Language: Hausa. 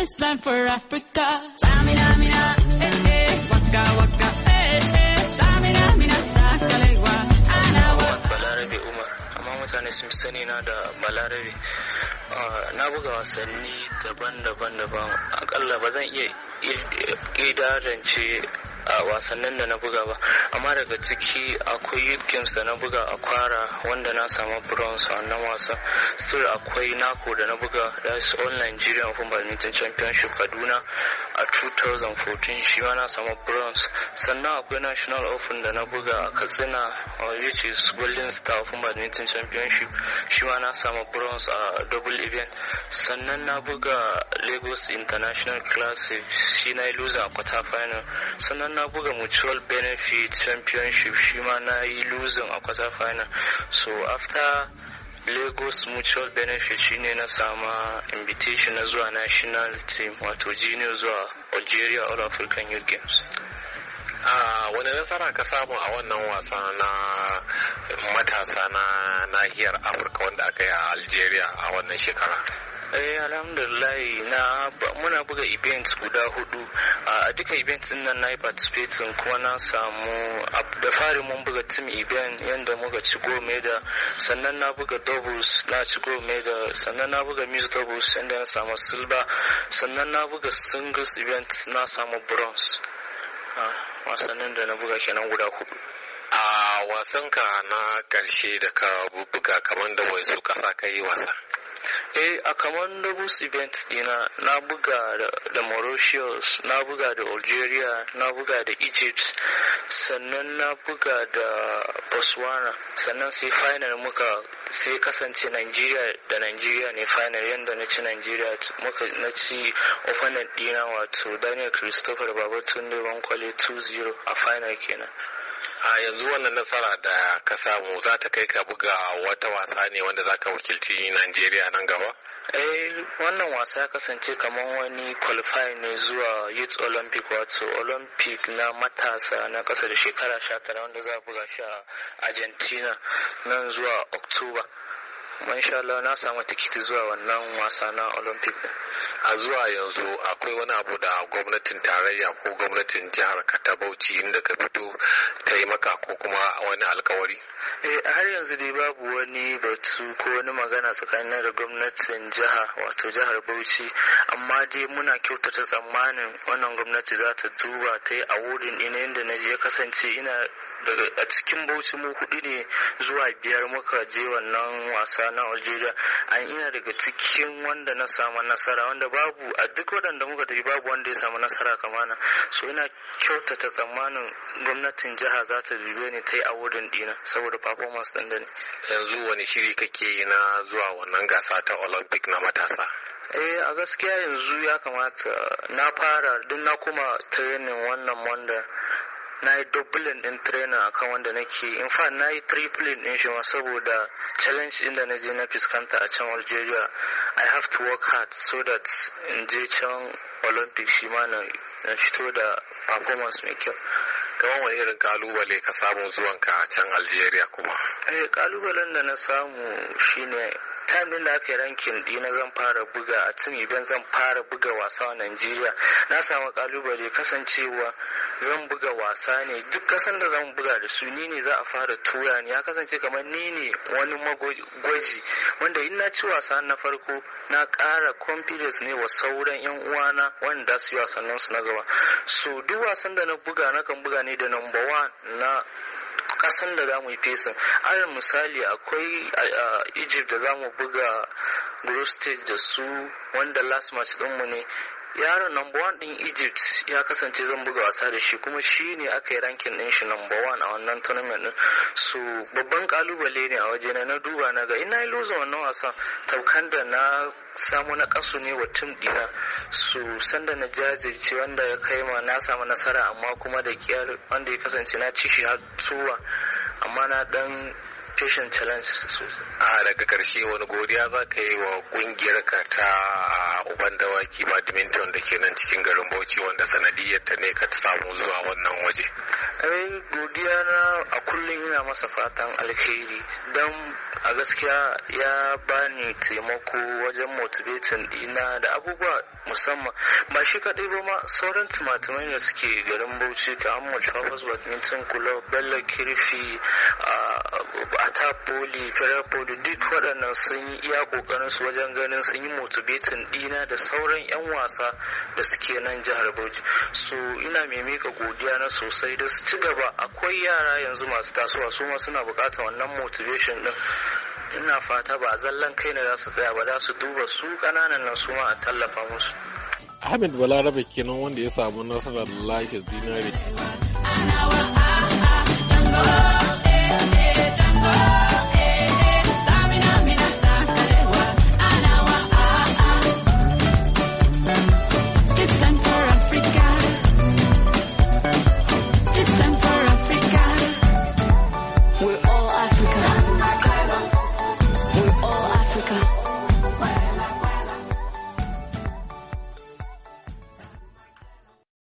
this plan for Africa. Samina, mina, eh, eh, waka, waka, eh, eh. Samina, mina, sakalewa, anawa. Balarabe Umar, amma mutane sun sani na da Balarabe. Ah, na buga wasanni daban-daban daban, akalla ba zan iya ƙidarance a wasannin da na buga ba amma daga ciki akwai youth games da na buga a kwara wanda na samu bronze a wannan wasan still akwai nako da na buga that's all nigerian football championship kaduna a 2014 shi ma na samu bronze sannan akwai national open da na buga a katsina which is golden star of badminton championship shi ma na samu bronze a double event sannan na buga lagos international classic shi na yi loser a quarter final sannan na buga mutual benefit championship shi ma na yi losing a quarter final so after lagos mutual benefit shine na sama invitation na zuwa national team wato junior zuwa algeria all african youth games A ah, wani nasara ka samu a wannan wasa na matasa na nahiyar afirka wanda aka yi a algeria a wannan shekara eh alhamdulillah na muna buga events guda hudu a duka events din nan nayi participating kuma na samu da fari mun buga team event yanda muka ci gold medal sannan na buga doubles na ci gold medal sannan na buga mixed doubles yanda na samu silver sannan na buga singles event na samu bronze wasannin da na buga kenan guda hudu a wasanka na karshe da ka buga kamar da wai su kasa ka yi wasa eh a commandables event dina na buga da mauritius na buga da algeria na buga da egypt sannan na buga da botswana sannan sai final muka sai kasance nigeria da nigeria ne final yadda na ci nigeria muka na ci opponent dina wato daniel christopher babatunde bankwale 2-0 a final kenan a yanzu wannan nasara da ka samu za ta kai ka buga wata wasa ne wanda za ka wakilci najeriya nan gaba eh wannan wasa ya kasance kamar wani qualify ne zuwa youth olympic wato olympic na matasa na ƙasa da shekara 19 wanda za a buga shi a argentina nan zuwa october kuma insha Allah na samu tikiti zuwa wannan wasa na olympic a zuwa yanzu akwai wani abu da gwamnatin tarayya ko gwamnatin jihar katabauci bauchi inda ka fito taimaka ko kuma wani alkawari eh har yanzu dai babu wani batu ko wani magana tsakanin da gwamnatin jiha wato jihar bauchi amma dai muna kyautata tsammanin wannan gwamnati za ta duba ta yi a wurin ina inda na je kasance ina daga eh, a cikin bauchi mu hudu ne zuwa biyar muka je wannan wasa na algeria an ina daga cikin wanda na samu nasara wanda babu a duk waɗanda muka tafi babu wanda ya samu nasara kamana so ina kyautata tsammanin gwamnatin jiha za ta dube ni ta yi wurin dina saboda performance ɗin da ne yanzu wani shiri kake yi na zuwa wannan gasa ta olympic na matasa eh a gaskiya yanzu ya kamata na fara duk na kuma training wannan wanda na yi dublin din trainer akan wanda nake in fa na yi tripling din shi ma saboda challenge din da na je na fuskanta a can Algeria I have to work hard so that in je can Olympics shi ma na fito da performance mai kyau kamar wani irin kalubale ka samu zuwan ka a can algeria kuma eh kalubalen da na samu shine time din da aka yi rankin dina zan fara buga a tun zan fara buga wasa a nigeria na samu kalubale kasancewa zan buga wasa ne duk kasan da zan buga da su ni ne za a fara tura ni ya kasance kamar ni ne wani magwaji wanda in na ci wasa na farko na kara confidence ne wa sauran yan uwana wanda su yi wasannin su na gaba so duk wasan da na buga na kan buga ne da number one na kasan da za yi fesin ayar misali akwai a egypt da zamu buga group stage da su wanda last match dinmu ne yaron number one din egypt ya kasance zan buga wasa da shi kuma shi ne aka yi rankin din shi number one a wannan tournament din so babban kalubale ne a waje na na duba na ga ina lozo wannan wasan taukan da na samu na kasu ne wa tim dina so sanda na jazirce wanda ya kai ma na samu nasara amma kuma da kiyar wanda ya kasance na ci shi har tsuwa amma na dan patient challenge a daga karshe wani godiya za ka yi wa kungiyar ka ta ah, uban dawaki badminton da ke nan cikin garin bauchi wanda sanadiyar ta ne ka samu zuwa wannan waje ai eh, godiya na a kullum yana masa fatan alheri don a gaskiya ya bani taimako wajen motivating dina da abubuwa musamman ba shi kaɗai ba ma sauran tumatumai da suke garin bauchi ka amma badminton club bello kirfi ah, a poli federal duk waɗannan sun yi iya ƙoƙarin su wajen ganin sun yi motivating dina da sauran yan wasa da suke nan jihar bauchi so ina mai mika godiya na sosai da su ci gaba akwai yara yanzu masu tasowa su ma suna buƙatar wannan motivation din ina fata ba zallan kai na za su tsaya ba za su duba su ƙananan na su ma a tallafa musu Ahmed Balarabe kenan wanda ya samu nasarar lashe zinare.